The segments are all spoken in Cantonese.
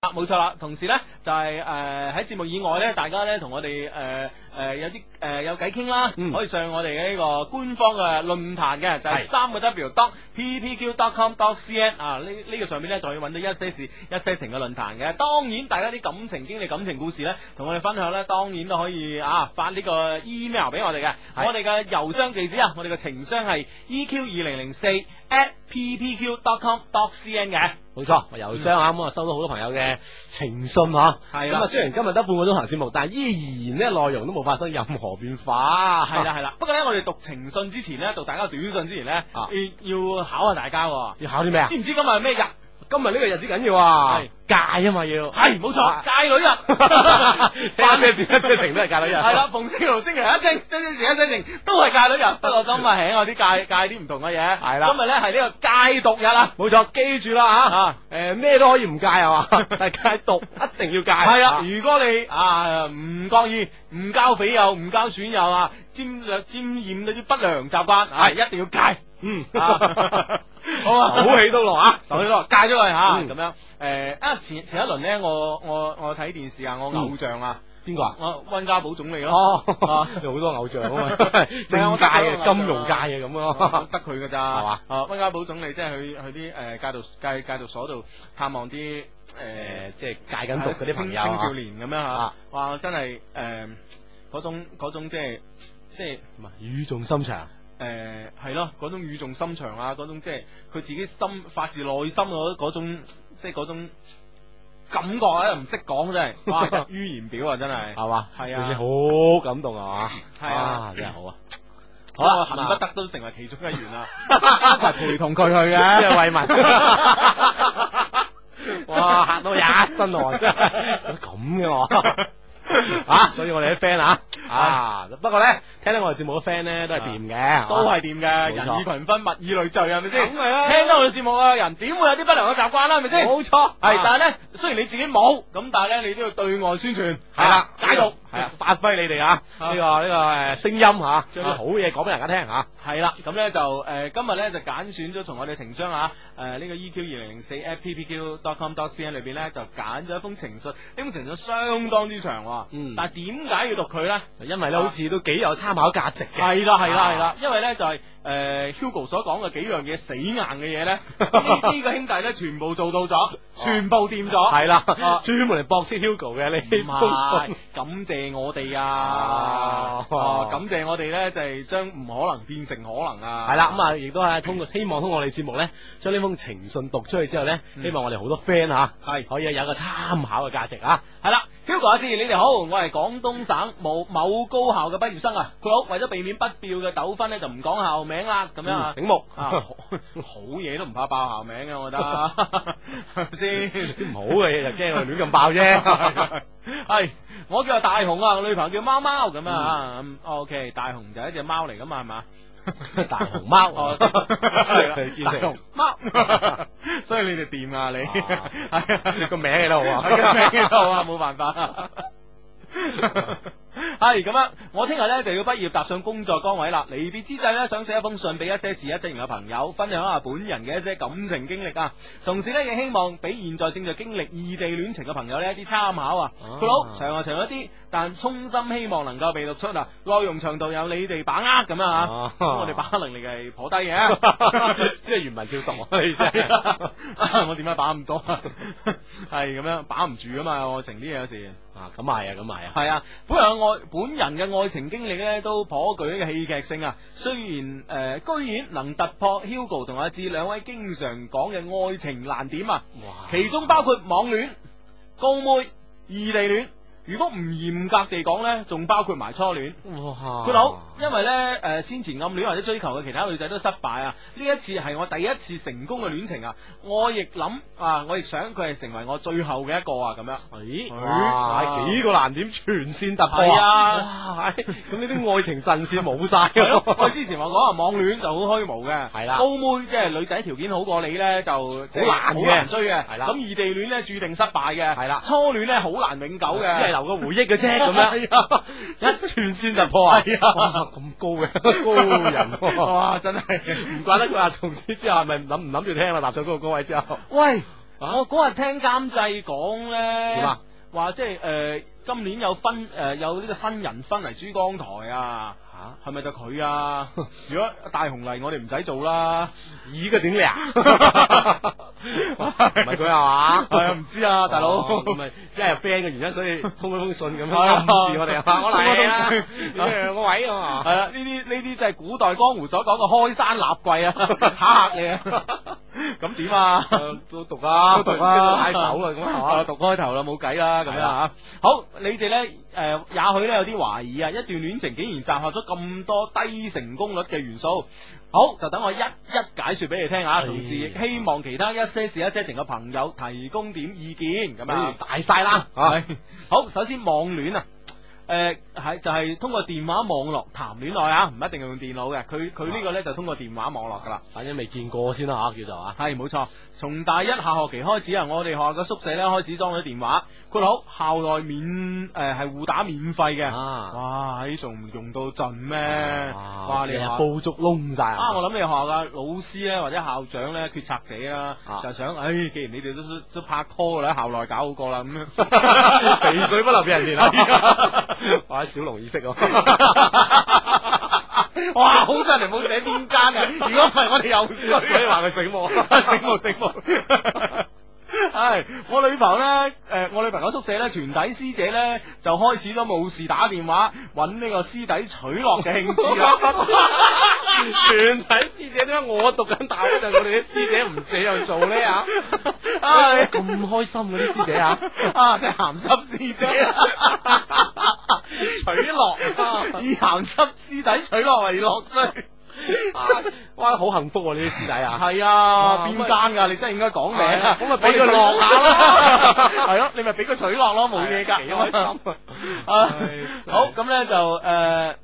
啊，冇錯啦！同時咧，就係誒喺節目以外咧，大家咧同我哋誒。呃誒、呃，有啲誒、呃、有偈傾啦，嗯、可以上我哋嘅呢個官方嘅論壇嘅，就係三個 w dot p p q dot com dot c n 啊，呢、這、呢個上面呢，就可以搵到一些事、一些情嘅論壇嘅。當然，大家啲感情經歷、感情故事呢，同我哋分享呢，當然都可以啊，發呢個 email 俾我哋嘅是。我哋嘅、e、郵箱地址啊，我哋嘅情商係 e q 二零零四 at p p q dot com dot c n 嘅。冇錯，我郵箱啊，啱啊收到好多朋友嘅情信嗬、啊。係啦的，雖然今日得半個鐘頭節目，但係依然呢內容都冇。冇發生任何變化，係啦係啦。不過咧，我哋讀情信之前咧，讀大家短信之前咧，啊、要考下大家。要考啲咩啊？知唔知今日係咩㗎？今日呢個日子緊要啊，戒啊嘛要係冇錯，戒女日，一些事一些情都係戒女人，係啦，逢星期六、星期一、一些事一些情都係戒女人。不過今日係我啲戒戒啲唔同嘅嘢，係啦，今日咧係呢個戒毒日啊，冇錯，記住啦吓，誒咩都可以唔戒啊嘛，但戒毒一定要戒，係啦，如果你啊唔覺意，唔交匪友，唔交損友啊，沾沾染到啲不良習慣啊，一定要戒，嗯。好啊！手起刀落啊！手起刀落，戒咗佢吓，咁樣誒啊！前前一輪咧，我我我睇電視啊，我偶像啊，邊個啊？我温家寶總理咯，有好多偶像啊嘛，政界嘅、金融界嘅咁咯，得佢噶咋係嘛？啊，温家寶總理即係去去啲誒戒毒戒戒毒所度探望啲誒，即係戒緊毒嗰啲朋友、青少年咁樣吓，哇！真係誒，嗰種嗰種即係即係唔係語重心長。誒，係咯、呃，嗰種語重心長啊，嗰種即係佢自己心發自內心嗰嗰種，即係嗰種感覺咧、啊，唔識講真係，哇，溢於言表啊，真係，係嘛 吧，係啊，好感動啊，係 啊，啊，真係好啊，好啊，我恨哇不得都成為其中一員啊，一齊、啊、 同佢去嘅、啊，即係為民，哇，嚇到我一身汗，真係、啊，咁嘅話。啊！所以我哋啲 friend 啊，啊！不過咧，聽到我哋節目嘅 friend 咧都係掂嘅，都係掂嘅。人以群分，物以類聚，係咪先？咁係啦。聽咗我哋節目嘅人，點會有啲不良嘅習慣啦，係咪先？冇錯。係，但係咧，雖然你自己冇，咁但係咧，你都要對外宣傳，係啦，解讀，係啊，發揮你哋啊，呢個呢個誒聲音吓，將啲好嘢講俾大家聽吓。係啦，咁咧就誒今日咧就揀選咗從我哋情章啊誒呢個 E Q 二零零四 at P P Q 點 com 點 cn 裏邊咧就揀咗一封情信，呢封情信相當之長。嗯，但係點解要讀佢咧？就因為咧，好似都幾有參考價值嘅。係啦，係啦，係啦。因為咧，就係誒，Hugo 所講嘅幾樣嘢死硬嘅嘢咧，呢個兄弟咧，全部做到咗，全部掂咗。係啦，專門嚟駁斥 Hugo 嘅你，唔係感謝我哋啊！感謝我哋咧，就係將唔可能變成可能啊！係啦，咁啊，亦都係通過希望通過我哋節目咧，將呢封情信讀出去之後咧，希望我哋好多 friend 吓係可以有個參考嘅價值啊！係啦。Hugo 啊，先你哋好，我係廣東省某某高校嘅畢業生啊，佢好為咗避免不必要嘅糾紛咧，就唔講校名啦，咁樣醒目啊，好嘢都唔怕爆校名嘅，我覺得係咪先？唔好嘅嘢就驚我亂咁爆啫。係我叫大雄啊，我女朋友叫貓貓咁啊，OK，大雄就係一隻貓嚟噶嘛，係嘛？大熊貓，大熊貓，所以你哋掂啊！你係啊，你個名都好啊，個名都好啊，冇辦法。係咁樣，我聽日咧就要畢業，踏上工作崗位啦。離別之際咧，想寫一封信俾一些志一 s y 嘅朋友，分享下本人嘅一些感情經歷啊。同時咧，亦希望俾現在正在經歷異地戀情嘅朋友呢一啲參考啊。好長啊，長一啲，time, 但衷心希望能夠被讀出啊。內容長度有你哋把握咁啊、嗯。我哋把握能力係頗低嘅，即係原文照讀啊。你先，我點解把咁多？係咁樣把唔住噶嘛，愛情啲嘢有時啊，咁係啊，咁係啊，係啊，本本人嘅愛情經歷呢都頗具戲劇性啊，雖然誒居然能突破 Hugo 同阿志兩位經常講嘅愛情難點啊，哇，其中包括網戀、高妹、異地戀，如果唔嚴格地講呢，仲包括埋初戀。哇，哥老。因為咧，誒、呃，先前暗戀或者追求嘅其他女仔都失敗啊，呢一次係我第一次成功嘅戀情啊，我亦諗啊，我亦想佢係成為我最後嘅一個啊，咁樣。咦誒？哇！幾個難點全線突破啊！啊哇！咁呢啲愛情陣線冇晒、啊 啊。我之前話講啊，網戀就好虛無嘅，係啦。高妹即係、就是、女仔條件好過你呢，就好難，好難追嘅。咁異、啊、地戀呢，注定失敗嘅。係啦、啊，初戀呢，好難永久嘅，只係留個回憶嘅啫，咁樣。 是啊、 一全線突破啊！ 咁高嘅高人、啊， 哇！真係的唔 怪得佢阿從此之後係咪諗唔諗住聽啊？立咗嗰個高位之後，喂，啊、我嗰日聽監製講咧，話即係誒，今年有分誒、呃、有呢個新人分嚟珠江台啊。係咪就佢啊？如果大雄嚟，我哋唔使做啦。咦？佢點嘅啊？唔係佢係嘛？啊，唔知 啊，大佬，唔係因為 friend 嘅原因，所以通咗封信咁樣，暗示我哋啊。我嚟啦，兩個位。係啊，呢啲呢啲就係古代江湖所講嘅開山立櫃啊，吓你啊！咁點啊？都讀啊，都解手啦，咁啊，讀開頭啦，冇計啦，咁樣吓。好，你哋咧，誒，也許咧有啲懷疑啊，一段戀情竟然集合咗咁多低成功率嘅元素。好，就等我一一解說俾你聽啊。同時，亦希望其他一些事一些情嘅朋友提供點意見咁樣，大曬啦。好，首先網戀啊。.誒，係、呃、就係、是、通過電話網絡談戀愛啊，唔一定用電腦嘅。佢佢呢個咧就通過電話網絡噶啦。反正未見過先啦、啊、吓，叫做啊。係冇錯，從大一下學期開始啊，我哋學校嘅宿舍咧開始裝咗電話。括號校內免誒係互打免費嘅。哇！呢仲用到盡咩？哇！你校煲足窿晒啊！我諗你學校嘅老師咧或者校長咧決策者啊，啊就想，誒、哎，既然你哋都都，都拍拖啦校內搞好過啦，咁樣 肥水不流別人田。 話小龍意識哦、啊， 哇，好犀利，冇寫邊間嘅？如果唔係，我哋又衰，所以話佢醒目，醒目，醒目。唉，我女朋友咧，誒、呃，我女朋友宿舍咧，全體師姐咧，就開始咗冇事打電話，搵呢個師弟取樂嘅興致啦。全 體師姐點解我讀緊大學，就我哋啲師姐唔這樣做呢。 哎、啊？啊，咁開心嗰啲師姐啊， 啊，真係咸濕師姐、啊 取樂， 以鹹濕尸底取樂為樂趣。啊， 哇，好幸福啊，你啲師弟啊，係啊，邊間噶？你真係應該講名，啊，咁咪俾佢落下咯，係咯，你咪俾佢取落咯，冇嘢噶。幾開心啊！ 哎、是好，咁咧就誒、呃、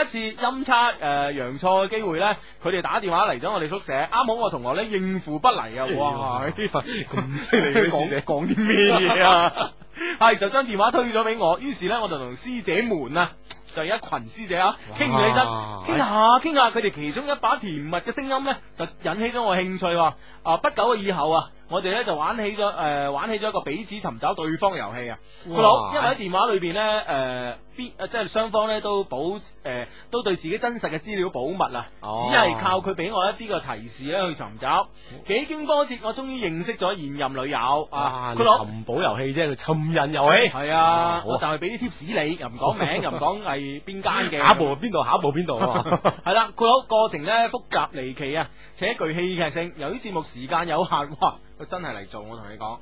一次陰差誒陽錯嘅機會咧，佢哋打電話嚟咗我哋宿舍，啱好我同學咧應付不嚟啊！哇，呢份咁犀利嘅師姐講啲咩嘢啊？係、哎、就將電話推咗俾我，於是咧我就同師姐們啊。就係一群師姐啊，傾住起身，傾下傾下，佢哋其中一把甜蜜嘅聲音咧，就引起咗我興趣喎、啊。啊，不久嘅以後啊。我哋咧就玩起咗誒、呃，玩起咗一個彼此尋找對方遊戲啊！佢佬哇，因為喺電話裏邊咧誒，必誒即係雙方咧都保誒、呃，都對自己真實嘅資料保密啊！只係靠佢俾我一啲嘅提示咧去尋找。幾經波折，我終於認識咗現任女友啊！佢攞尋寶遊戲啫，佢尋人遊戲。係啊，啊哦、我就係俾啲貼士你，又唔講名，又唔講係邊間嘅。下一步邊度？下一步邊度？係啦，佢攞、啊、 過程咧複雜離奇啊，且具戲劇性。由於節目時間有限。佢真係嚟做，我同你講，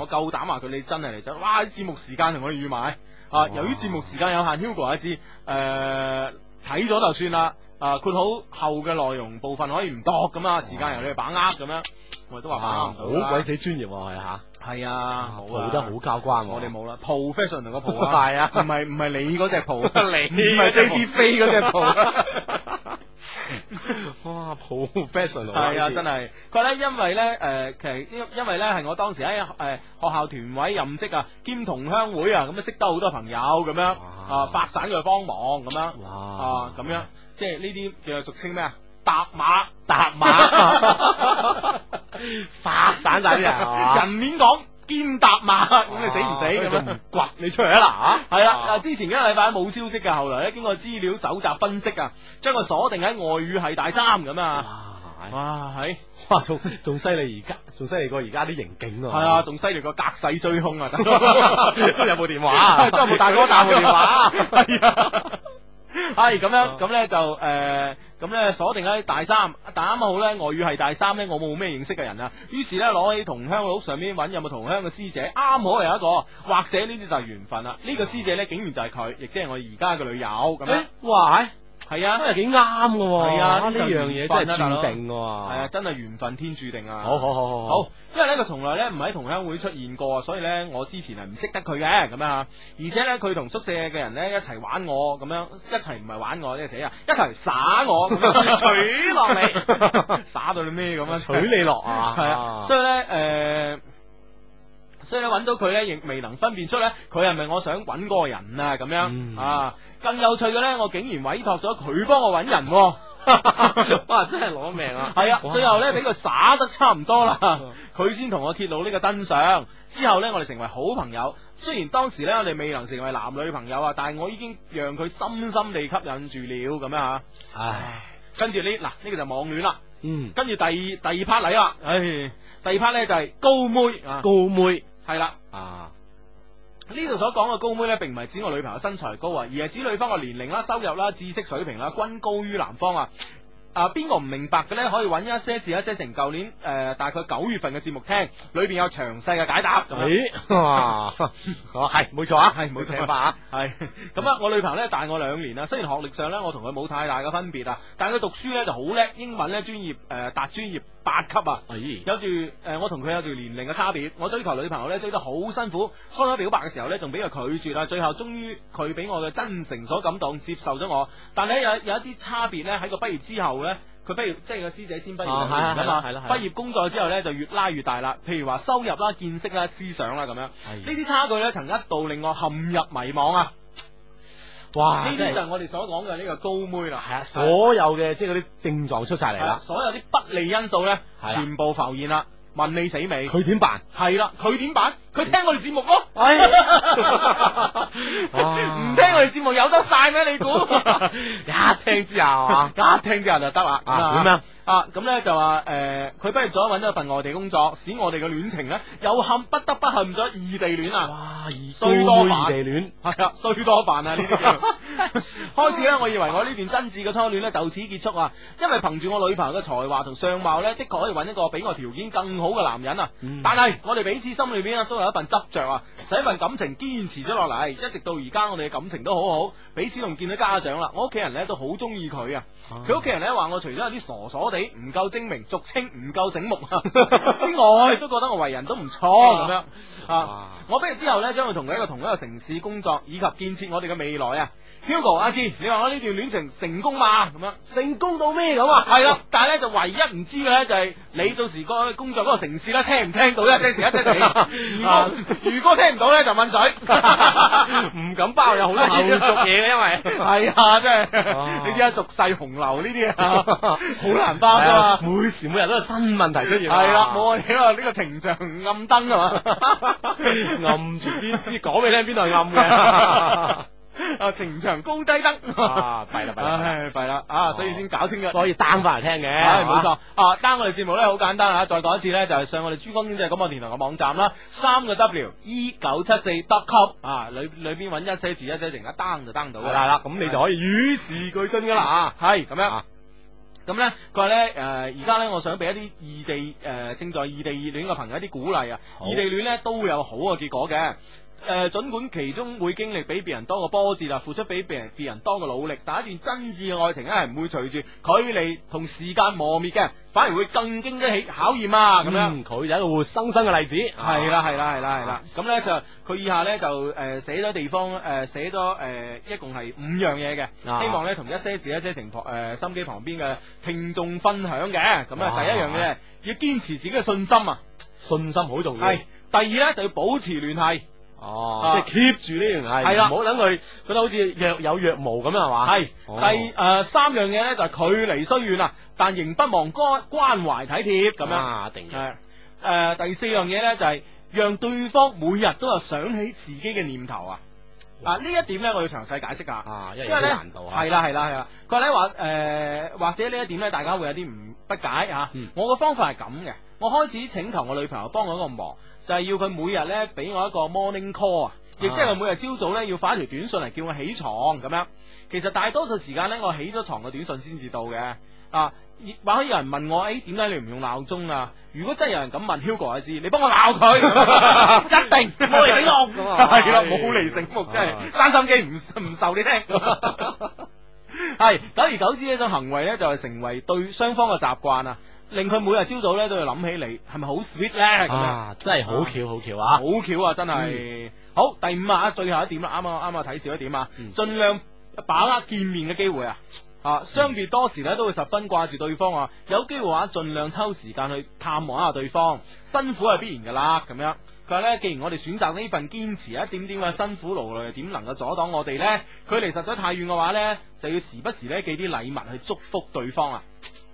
我夠膽話佢，你真係嚟做。哇！節目時間同我預埋，啊，由於節目時間有限，Hugo 阿 Sir 誒，睇咗就算啦。啊，括好後嘅內容部分可以唔多，咁啊，時間由你把握咁樣。我哋都話好鬼死專業係吓，係啊，做得好交關。我哋冇啦，professional 個 professional 唔係唔係你嗰隻 professional 唔係 J B F 嗰隻 professional 哇，好 fashion！係啊，真係佢咧，因為咧，誒、呃，其實因因為咧，係我當時喺誒學校團委任職啊，兼同鄉會啊，咁啊識得好多朋友咁樣啊，發散佢幫忙咁樣啊，咁樣即係呢啲叫做俗稱咩 啊？搭馬搭馬，發散晒啲人，人面講。兼搭馬，咁、啊、你死唔死？咁唔掘你出嚟啊嗱，吓係啦。嗱，之前一個禮拜冇消息嘅，後來咧經過資料搜集分析啊，將佢鎖定喺外語係大三咁啊。哇、啊，係哇、啊，仲仲犀利，而家仲犀利過而家啲刑警啊。係啊，仲犀利過隔世追凶啊。哥哥 有冇電話、啊，周 大哥，打個電話。係咁、哎、樣，咁咧就誒，咁咧鎖定喺大三，但啱啱好咧外語系大三咧，我冇咩認識嘅人啊，於是咧攞起同鄉佬上面揾有冇同鄉嘅師姐，啱好有一個，或者呢啲就係緣分啦。呢、呢個師姐咧竟然就係佢，亦即係我而家嘅女友咁樣、欸。哇、啊，唉！係啊，都係幾啱㗎喎。係啊，呢樣嘢真係注定㗎、啊、喎。係哥啊，真係緣分天注定啊。好好好好好。好，因為咧佢從來咧唔喺同鄉會出現過，所以咧我之前係唔識得佢嘅咁樣啊。而且咧佢同宿舍嘅人咧一齊玩我咁樣，一齊唔係玩我，即係死啊！一齊耍我，咁樣取落你， 耍到你咩咁樣啊？ 取你落啊！係啊，所以咧誒。呃所以你揾到佢咧，亦未能分辨出咧，佢係咪我想揾嗰個人啊？咁樣、嗯、啊，更有趣嘅咧，我竟然委託咗佢幫我揾人、啊， 哇！真係攞命啊！係 啊，最後咧俾佢耍得差唔多啦，佢先同我揭露呢個真相。之後咧，我哋成為好朋友。雖然當時咧我哋未能成為男女朋友啊，但係我已經讓佢深深地吸引住了。咁樣啊，唉，跟住呢，嗱呢、這個就網戀啦。嗯，嗯跟住第二第二 part 嚟啦。唉，第二 part 咧就係高妹，高妹啊，高妹。係啦，啊，呢度所講嘅高妹呢，並唔係指我女朋友身材高啊，而係指女方嘅年齡啦、收入啦、知識水平啦，均高於男方啊。啊、呃，邊個唔明白嘅呢，可以揾一些事、一些情。舊年誒大概九月份嘅節目聽，裏邊有詳細嘅解答。咦？係冇錯啊，係冇錯啊，係。 咁啊， 我女朋友呢，大我兩年啊，雖然學歷上呢，我同佢冇太大嘅分別啊，但係佢讀書呢就好叻，英文呢，專業誒達專業。八級啊，哎、有住誒、呃，我同佢有段年齡嘅差別，我追求女朋友咧追得好辛苦，初初表白嘅時候咧仲俾佢拒絕啦、啊，最後終於佢俾我嘅真誠所感動接受咗我，但係有有一啲差別咧喺個畢業之後咧，佢畢業即係個師姐先畢業咁啊、係啦係啦、畢業工作之後咧就越拉越大啦，譬如話收入啦、啊、見識啦、啊、思想啦、啊、咁樣，呢啲、啊、差距咧曾一度令我陷入迷茫啊。哇！呢啲就係我哋所講嘅呢個高妹啦，所有嘅即係嗰啲症狀出晒嚟啦，所有啲不利因素咧，啊、全部浮現啦，問你死未？佢點辦？係啦、啊，佢點辦？佢聽我哋節目咯，唉！唔聽我哋節目有得晒咩？你估？一、啊、聽之後啊，一聽之後就得啦啊？點樣啊？啊，咁咧就話誒，佢畢業咗揾咗一份外地工作，使我哋嘅戀情咧又陷不得不陷咗異地戀啊！哇，異地戀係啊，衰多范啊！呢啲 開始咧，我以為我呢段真摯嘅初戀咧就此結束啊，因為憑住我女朋友嘅才華同相貌咧，的確可以揾一個比我條件更好嘅男人啊。嗯、但係我哋彼此心裏邊咧都有一份執着啊，使一份感情堅持咗落嚟，一直到而家我哋嘅感情都好好，彼此同見到家長啦，我屋企人咧都好中意佢啊，佢屋企人咧話我除咗有啲傻傻地。唔夠精明，俗稱唔夠醒目 之外，亦 都覺得我為人都唔錯咁 樣 啊！我畢業之後咧，將會同佢一個同一個城市工作，以及建設我哋嘅未來啊！Hugo，阿志，你話我呢段戀情成功嘛？咁樣成功到咩咁啊？係啦，但係咧就唯一唔知嘅咧就係你到時個工作嗰個城市咧聽唔聽到一聲，一聲就如果如果聽唔到咧就問水，唔敢包有好多嘢嘅，因為係啊，真係你知啦，俗世洪流呢啲啊，好難包噶嘛，每時每日都有新問題出現。係啦，冇啊，你話呢個情長暗燈啊嘛？暗住邊支講俾你聽邊度係暗嘅。啊！城牆高低燈，弊啦弊啦，弊啦啊！所以先搞清嘅，可以 down 翻嚟聽嘅，冇錯啊！down 我哋節目咧，好簡單啊！再講一次咧，就係上我哋珠江經濟廣播電台嘅網站啦，三個 W E 九七四 dot com 啊，裏裏邊揾一些事，一些情，一 down 就 down 到嘅，係啦。咁你就可以與時俱進噶啦啊，係咁樣。咁咧，佢話咧，誒，而家咧，我想俾一啲異地誒，正在異地戀嘅朋友一啲鼓勵啊！異地戀咧，都會有好嘅結果嘅。誒，盡管其中會經歷比別人多嘅波折啦，付出比別人別人多嘅努力，但一段真摯嘅愛情咧係唔會隨住距離同時間磨滅嘅，反而會更經得起考驗啊！咁樣佢就係個活生生嘅例子，係啦係啦係啦係啦。咁咧就佢以下咧就誒寫咗地方誒寫咗誒，一共係五樣嘢嘅，希望咧同一些事一些情誒心機旁邊嘅聽眾分享嘅。咁咧第一樣嘢要堅持自己嘅信心啊，信心好重要。係第二咧就要保持聯繫。哦，即係 keep 住呢樣嘢，係啦的，唔好等佢覺得好似若有若無咁樣嘛。係，是哦、第誒、呃、三樣嘢咧就係距離雖遠啊，但仍不忘關關懷體貼咁樣、啊。定誒、呃，第四樣嘢咧就係讓對方每日都有想起自己嘅念頭、哦、啊。啊，呢一點咧我要詳細解釋啊、哦，因為咧難度啊係啦係啦係啦。佢咧話誒或者呢一點咧大家會有啲唔不解啊。嗯、我嘅方法係咁嘅，我開始請求我女朋友幫我一個忙。就係要佢每日咧俾我一個 morning call 啊，亦即係我每日朝早咧要發一條短信嚟，叫我起床咁樣。其實大多數時間咧，我起咗床嘅，短信先至到嘅啊。或者有人問我，誒，點解你唔用鬧鐘啊？如果真係有人咁問，Hugo 阿 Sir，你幫我鬧佢，一定冇嚟醒目，係咯，冇嚟醒目，真係生心機，唔唔受你聽。係久而久之呢種行為咧，就係成為對雙方嘅習慣啊。令佢每日朝早咧都要諗起你，係咪好 sweet 咧？啊，咁樣真係好巧，好巧啊！好巧啊，真係。好，第五啊，最後一點啦，啱啊，啱啊，睇少一點啊，盡、嗯、量把握見面嘅機會啊！啊，嗯、相別多時咧，都會十分掛住對方啊！有機會嘅話，盡量抽時間去探望一下對方。辛苦係必然噶啦，咁樣佢話咧，既然我哋選擇呢份堅持，一點點嘅辛苦勞累，點能夠阻擋我哋呢？距離實在太遠嘅話時時呢，就要時不時咧寄啲禮物去祝福對方啊！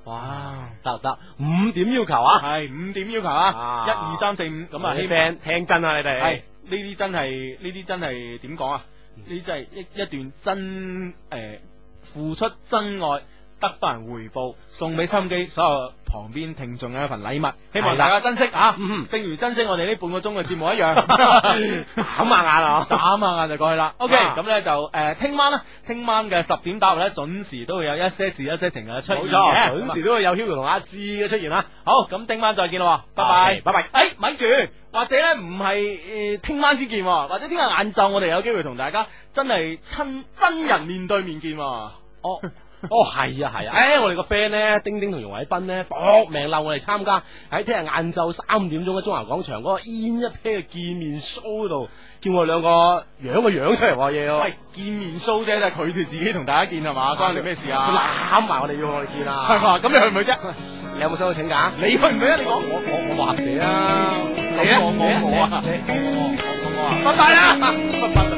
哇，得得，五點要求啊？係五點要求啊？啊，一二三四五，咁、嗯、啊，希望聽真啊，你哋係呢啲真係呢啲真係點講啊？呢啲、嗯、真係一一段真誒、呃、付出真愛。得翻回報，送俾收音機所有旁邊聽眾嘅一份禮物，希望大家珍惜啊，啊！正如珍惜我哋呢半個鐘嘅節目一樣，眨下 眼啊，眨下眼就過去啦。OK，咁咧、啊、就誒，聽、呃、晚咧，聽晚嘅十點打後咧，準時都會有一些事、一些情嘅出現嘅，錯準時都會有 Hugo 同阿志嘅出現啦。啊、好，咁聽晚再見啦，拜拜，拜拜。誒，咪住，或者咧唔係聽晚先見，或者聽日晏晝我哋有機會同大家真係親真人面對面見 哦。哦，係啊係啊，誒我哋個 friend 咧，丁丁同容偉斌咧搏命溜我哋參加喺聽日晏晝三點鐘嘅中華廣場嗰個煙一啤見面 show 度，叫我哋兩個樣個樣出嚟話嘢喂 見面 show 啫，就係佢哋自己同大家見，係嘛，的關你咩事啊？攬埋我哋要我哋見啊，係嘛？咁你去唔去啫？ 你有冇想去請假？你去唔去你我我我啊？你講，我我我合社啊，你咧，我我我啊，我我拜拜啦，